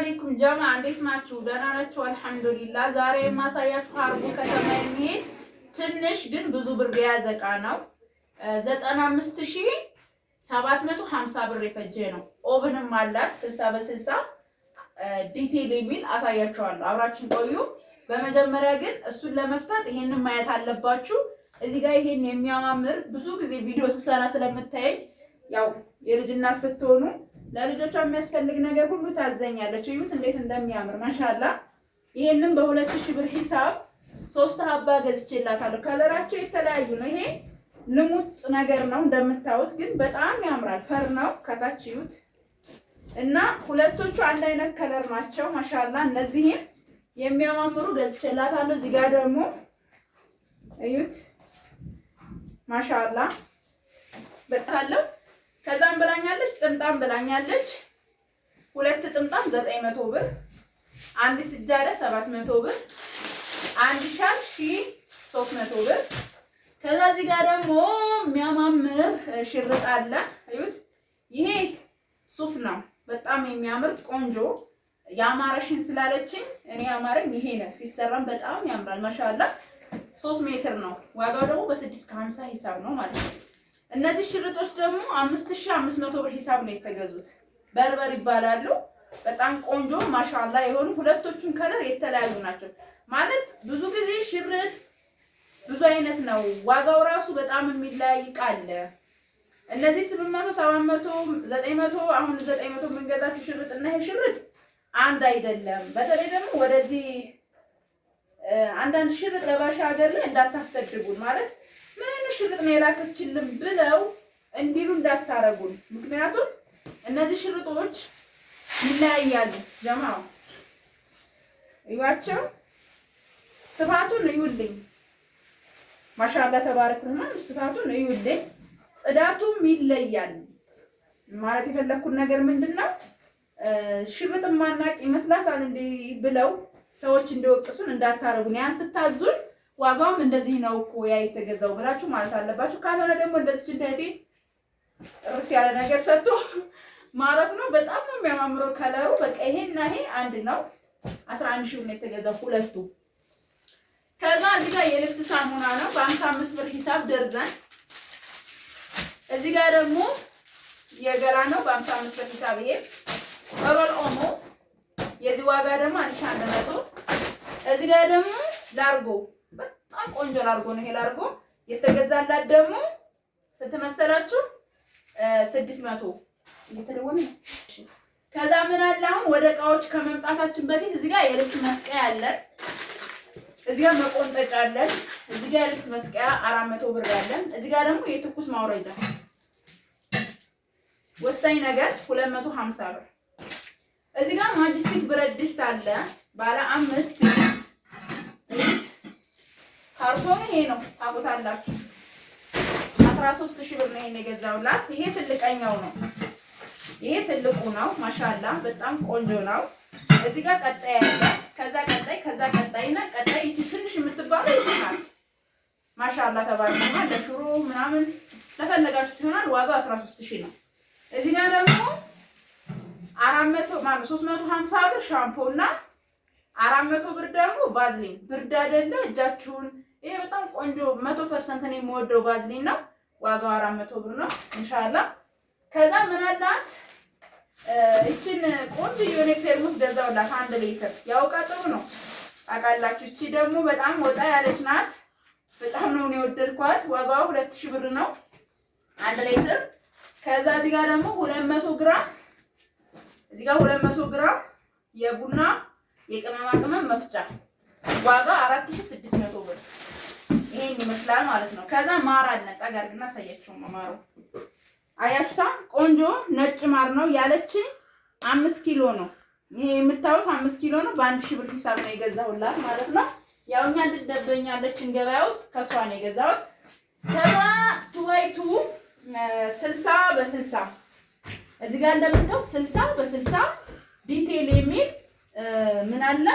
አለይኩም ጀማ አንዴት ናችሁ? ደና ናችሁ? አልሐምዱሊላ። ዛሬ የማሳያችሁ ሀርቡ ከተማ የሚሄድ ትንሽ ግን ብዙ ብር የያዘ እቃ ነው። 95750 ብር የፈጀ ነው። ኦቭንም አላት 60 በ60 ዲቴል የሚል አሳያችኋለሁ። አብራችን ቆዩ። በመጀመሪያ ግን እሱን ለመፍታት ይሄንን ማየት አለባችሁ። እዚህ ጋር ይሄን የሚያማምር ብዙ ጊዜ ቪዲዮ ስሰራ ስለምታየኝ ያው የልጅናት ስትሆኑ ለልጆቿ የሚያስፈልግ ነገር ሁሉ ታዘኛለች። እዩት እንዴት እንደሚያምር ማሻላ። ይሄንን በሁለት ሺህ ብር ሂሳብ ሶስት ሀባ ገዝቼላታለሁ። ከለራቸው የተለያዩ ነው። ይሄ ልሙጥ ነገር ነው እንደምታዩት፣ ግን በጣም ያምራል። ፈር ነው ከታች እዩት። እና ሁለቶቹ አንድ አይነት ከለር ናቸው። ማሻላ እነዚህም የሚያማምሩ ገዝቼላታለሁ። እዚህ ጋር ደግሞ እዩት ማሻላ በጣለው ከዛም ብላኛለች ጥምጣም ብላኛለች። ሁለት ጥምጣም ዘጠኝ መቶ ብር፣ አንድ ስጃደ ሰባት መቶ ብር፣ አንድ ሻል ሺ ሶስት መቶ ብር። ከዛ እዚህ ጋር ደግሞ የሚያማምር ሽርጥ አለ እዩት። ይሄ ሱፍ ነው፣ በጣም የሚያምር ቆንጆ ያማረሽን ስላለችኝ እኔ ያማረኝ ይሄ ነው። ሲሰራም በጣም ያምራል። ማሻአላ ሶስት ሜትር ነው። ዋጋው ደግሞ በስድስት ከሀምሳ ሂሳብ ነው ማለት ነው። እነዚህ ሽርጦች ደግሞ አምስት ሺ አምስት መቶ ብር ሂሳብ ነው የተገዙት። በርበር ይባላሉ። በጣም ቆንጆ ማሻላ የሆኑ ሁለቶቹን ከለር የተለያዩ ናቸው። ማለት ብዙ ጊዜ ሽርጥ ብዙ አይነት ነው። ዋጋው ራሱ በጣም የሚለያይ ቃለ እነዚህ ስምንት መቶ ሰባት መቶ ዘጠኝ መቶ አሁን ዘጠኝ መቶ የምንገዛችው ሽርጥ እና ይሄ ሽርጥ አንድ አይደለም። በተለይ ደግሞ ወደዚህ አንዳንድ ሽርጥ ለባሻ ሀገር ላይ እንዳታሰድቡን ማለት ሽርጥ ነው የላከችልን ብለው እንዲሉ እንዳታረጉን። ምክንያቱም እነዚህ ሽርጦች ይለያያሉ። ጀማው እዩዋቸው፣ ስፋቱን እዩልኝ። ማሻላ ተባረክ ረህማን፣ ስፋቱን እዩልኝ። ጽዳቱም ይለያል። ማለት የፈለኩት ነገር ምንድን ነው? ሽርጥ ማናቅ ይመስላታል እንዲህ ብለው ሰዎች እንደወቅሱን እንዳታረጉን ያን ስታዙን ዋጋውም እንደዚህ ነው እኮ ያ የተገዛው ብላችሁ ማለት አለባችሁ። ካልሆነ ደግሞ እንደዚች ችንታቴ ጥርት ያለ ነገር ሰጥቶ ማረፍ ነው። በጣም ነው የሚያማምረው ከለሩ። በቃ ይሄና ይሄ አንድ ነው። አስራ አንድ ሺህ ነው የተገዛው ሁለቱ። ከዛ እዚህ ጋር የልብስ ሳሙና ነው በሀምሳ አምስት ብር ሂሳብ ደርዘን። እዚህ ጋር ደግሞ የገላ ነው በሀምሳ አምስት ብር ሂሳብ። ይሄ ሮል ኦሞ የዚህ ዋጋ ደግሞ አንድ አንድ መቶ። እዚህ ጋር ደግሞ ላርጎ በጣም ቆንጆ ላርጎ ነው። ይሄ ላርጎ የተገዛላት ደግሞ ስንት መሰላችሁ? ስድስት መቶ እየተደወለ ነው። ከዛ ምን አለ አሁን ወደ እቃዎች ከመምጣታችን በፊት እዚህ ጋር የልብስ መስቀያ አለን። እዚህ ጋር መቆንጠጫ አለ እዚህ ጋር የልብስ መስቀያ አራት መቶ ብር አለን። እዚህ ጋር ደግሞ የትኩስ ማውረጃ ወሳኝ ነገር ሁለት ብር። እዚህ ጋር ማጅስቲክ ብረት ድስት አለ ባለ አምስት ካርቶኑ ይሄ ነው ታውቁታላችሁ። አስራ ሺህ ብር ነው የገዛውላት። ይሄ ትልቀኛው ነው። ይሄ ትልቁ ነው። ማሻላ በጣም ቆንጆ ነው። እዚህ ጋር ቀጣይ ያለ ከዛ ቀጣይ ከዛ ቀጣይና ቀጣይ እቺ ትንሽ የምትባለው ይሆናል። ማሻላ ተባልና ለሽሮ ምናምን ለፈለጋችሁት ይሆናል። ዋጋው 13000 ነው። እዚህ ጋር ደግሞ 400 ማለት 350 ብር ሻምፖና አራት መቶ ብር ደግሞ ቫዝሊን ብርድ አይደለ እጃችሁን። ይሄ በጣም ቆንጆ መቶ ፐርሰንት ነው የምወደው ቫዝሊን ነው። ዋጋው አራት መቶ ብር ነው እንሻላ። ከዛ ምን አላት እቺን ቆንጆ የሆነ ፌርሙስ ገዛውላት አንድ ሌትር ያውቃ ጥሩ ነው ታውቃላችሁ። እቺ ደግሞ በጣም ወጣ ያለች ናት። በጣም ነው የወደድኳት። ዋጋው ሁለት ሺህ ብር ነው አንድ ሌትር። ከዛ እዚህ ጋር ደግሞ ሁለት መቶ ግራም እዚህ ጋር ሁለት መቶ ግራም የቡና የቅመማ ቅመም መፍጫ ዋጋ 4600 ብር። ይሄን ይመስላል ማለት ነው። ከዛ ማር አለ ጠጋርግና ሳያችሁ ማሩ አያሽታ ቆንጆ ነጭ ማር ነው ያለችን። አምስት ኪሎ ነው ይሄ የምታዩት አምስት ኪሎ ነው። በአንድ ሺህ ብር ሂሳብ ነው የገዛሁላት ማለት ነው። ያው እኛ እንድትደበኛ ገበያ ውስጥ ከሷ ነው የገዛሁት። ከዛ ቱባይቱ ስልሳ በስልሳ እዚህ ጋር እንደምታዩት ስልሳ በስልሳ ዲቴል የሚል ምን አለ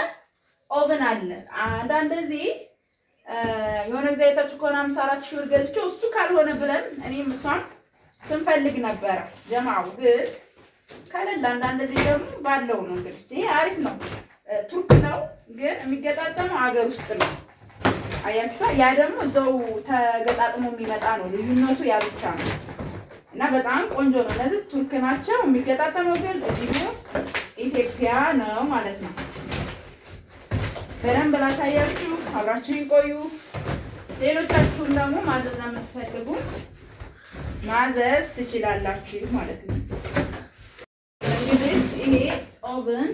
ኦቨን አለ። አንዳንድ ጊዜ የሆነ ጊዜ አይታችሁ ከሆነ ሃምሳ አራት ሺህ ብር ገዝቼው እሱ ካልሆነ ብለን እኔም እሷን ስንፈልግ ነበረ። ጀማው ግን ከሌለ አንዳንድ ጊዜ ደግሞ ባለው ነው። እንግዲህ ይሄ አሪፍ ነው፣ ቱርክ ነው ግን የሚገጣጠመው አገር ውስጥ ነው። አያችሁ፣ ያ ደግሞ እዛው ተገጣጥሞ የሚመጣ ነው። ልዩነቱ ያ ብቻ ነው እና በጣም ቆንጆ ነው። እነዚህ ቱርክ ናቸው። የሚገጣጠመው ግን እዚህ ኢትዮጵያ ነው ማለት ነው። በደንብ ላሳያችሁ፣ አብራችሁን ቆዩ። ሌሎቻችሁም ደግሞ ማዘዝ የምትፈልጉ ማዘዝ ትችላላችሁ ማለት ነው። እንግዲህ ይሄ ኦብን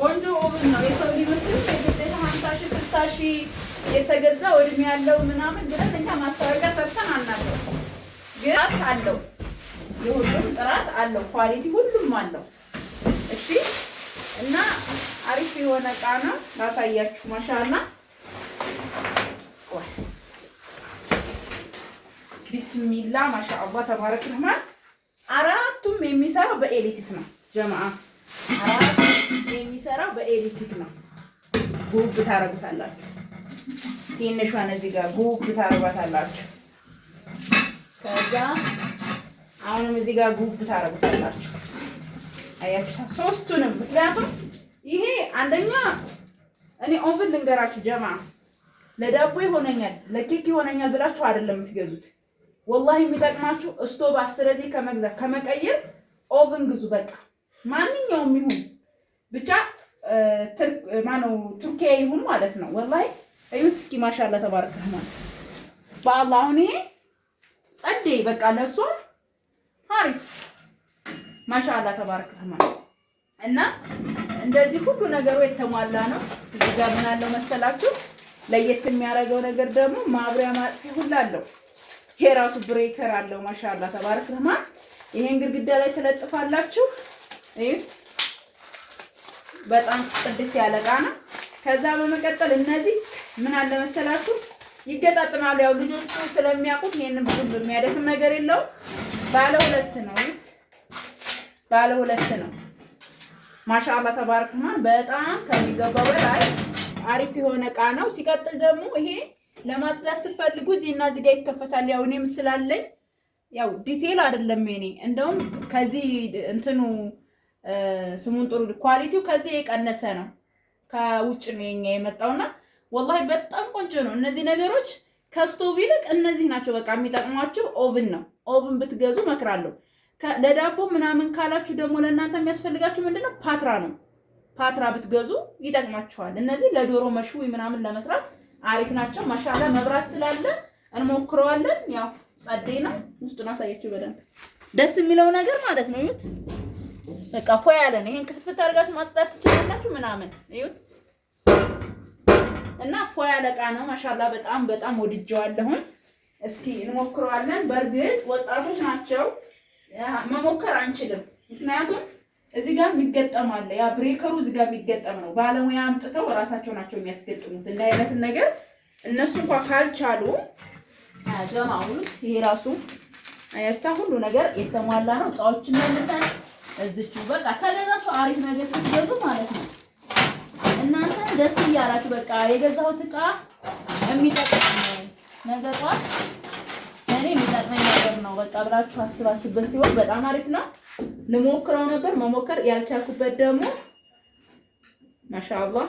ቆንጆ ኦብን ነው። የሰው ሊመስል የግዴታ ሀምሳ ሺህ ስልሳ ሺህ የተገዛ ወድሜ ያለው ምናምን ብለን እኛ ማስታወቂያ ሰርተን አናለው። ግን አለው፣ የሁሉም ጥራት አለው፣ ኳሊቲ ሁሉም አለው። እሺ። እና አሪፍ የሆነ እቃ ነው ላሳያችሁ። ማሻላ ቢስሚላ ማሻአላ ተባረክ ረህማን። አራቱም የሚሰራው በኤሌክትሪክ ነው ጀማ። አራቱም የሚሰራው በኤሌክትሪክ ነው። ጉብ ታረጉታላችሁ። ትንሿን እዚህ ጋር ጉብ ታረጓታላችሁ። ከዛ አሁንም እዚህ ጋር ጉብ ታረጉታላችሁ። አያችሁ ሶስቱንም። ምክንያቱም ይሄ አንደኛ እኔ ኦቭን ልንገራችሁ ጀማ ለዳቦ ይሆነኛል ለኬክ ይሆነኛል ብላችሁ አይደለም የምትገዙት። ወላሂ የሚጠቅማችሁ እስቶቭ አስረዜ ከመግዛት ከመቀየር ኦቭን ግዙ። በቃ ማንኛውም ይሁን ብቻ ማነው ቱርኪያ ይሁን ማለት ነው። ወላሂ እዩት እስኪ ማሻላ ተባረከ ማለት በአላህ አሁን ይሄ ጸደይ በቃ ለእሷ አሪፍ ማሻአላ ተባረክ ረህማን እና እንደዚህ ሁሉ ነገሩ የተሟላ ነው። እዚህ ጋር ምን አለው መሰላችሁ? ለየት የሚያደርገው ነገር ደግሞ ማብሪያ ማጥፊያ ሁሉ አለው። ይሄ ራሱ ብሬከር አለው። ማሻአላ ተባረክ ረህማን ይሄን ግድግዳ ላይ ተለጥፋላችሁ። እዩት፣ በጣም ጥድት ያለ እቃ ነው። ከዛ በመቀጠል እነዚህ ምን አለ መሰላችሁ ይገጣጥማሉ። ያው ልጆቹ ስለሚያውቁት ይሄንን ብዙም የሚያደክም ነገር የለውም። ባለ ሁለት ነው እዩት ባለ ሁለት ነው። ማሻአላ ተባረክማን። በጣም ከሚገባው በላይ አሪፍ የሆነ እቃ ነው። ሲቀጥል ደግሞ ይሄ ለማጽዳት ስትፈልጉ እዚህና እዚህ ጋር ይከፈታል። ያው እኔም ስላለኝ ያው ዲቴል አይደለም እኔ እንደውም ከዚህ እንትኑ ስሙን ጥሩ ኳሊቲው ከዚህ የቀነሰ ነው። ከውጭ ነው የኛ የመጣውና ወላሂ በጣም ቆንጆ ነው። እነዚህ ነገሮች ከስቶቭ ይልቅ እነዚህ ናቸው በቃ የሚጠቅሟቸው። ኦቭን ነው ኦቭን ብትገዙ መክራለሁ። ለዳቦ ምናምን ካላችሁ ደግሞ ለእናንተ የሚያስፈልጋችሁ ምንድነው? ፓትራ ነው። ፓትራ ብትገዙ ይጠቅማችኋል። እነዚህ ለዶሮ መሽዊ ምናምን ለመስራት አሪፍ ናቸው። ማሻላ መብራት ስላለ እንሞክረዋለን። ያው ጸዴ ነው። ውስጡን አሳያችሁ በደንብ ደስ የሚለው ነገር ማለት ነው። ይሁት በቃ ፎ ያለ ነው። ይሄን ክትፍት አድርጋችሁ ማጽዳት ትችላላችሁ ምናምን ይሁት እና ፎ ያለ እቃ ነው። ማሻላ በጣም በጣም ወድጀዋለሁን። እስኪ እንሞክረዋለን። በእርግጥ ወጣቶች ናቸው መሞከር አንችልም። ምክንያቱም እዚህ ጋር የሚገጠም አለ። ያ ብሬከሩ እዚህ ጋር የሚገጠም ነው። ባለሙያ አምጥተው ራሳቸው ናቸው የሚያስገጥሙት። እንደ አይነትን ነገር እነሱ እንኳ ካልቻሉ አሁን ይሄ ራሱ አያታ ሁሉ ነገር የተሟላ ነው። እቃዎችን መልሰን እዚቹ በቃ ከገዛችሁ አሪፍ ነገር ስትገዙ ማለት ነው እናንተ ደስ እያላችሁ በቃ የገዛሁት እቃ የሚጠቅም ነው ነገ ለእኔ የሚጠቅመኝ ነገር ነው በቃ ብላችሁ አስባችሁበት ሲሆን በጣም አሪፍ ነው። ልሞክረው ነበር መሞከር ያልቻልኩበት ደግሞ ማሻአላህ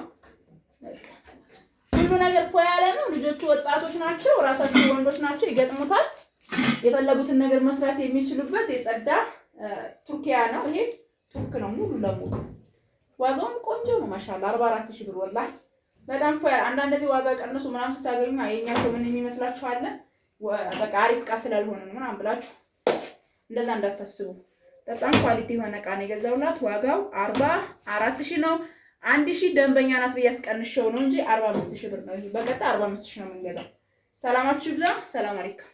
ሁሉ ነገር ፎ ያለ ነው። ልጆቹ ወጣቶች ናቸው፣ ራሳቸው ወንዶች ናቸው፣ ይገጥሙታል። የፈለጉትን ነገር መስራት የሚችሉበት የጸዳ ቱርኪያ ነው። ይሄ ቱርክ ነው ሙሉ ለሙሉ ዋጋውም ቆንጆ ነው። ማሻአላህ 44 ሺህ ብር ወላሂ በጣም ፎ አንዳንድ ጊዜ ዋጋ ቀንሱ ምናምን ስታገኙ የኛ ሰው ምን የሚመስላችኋለን? በቃ አሪፍ እቃ ስላልሆነ ነው ምናምን ብላችሁ እንደዛ እንዳታስቡ። በጣም ኳሊቲ የሆነ እቃ ነው የገዛውላት። ዋጋው አርባ አራት ሺህ ነው። አንድ ሺህ ደንበኛ ናት ብዬ ነው እንጂ አርባ አምስት ሺህ ብር ነው። በቀጣ አርባ አምስት ሺህ ነው የምንገዛው። ሰላማችሁ ይብዛ። ሰላም አለይኩም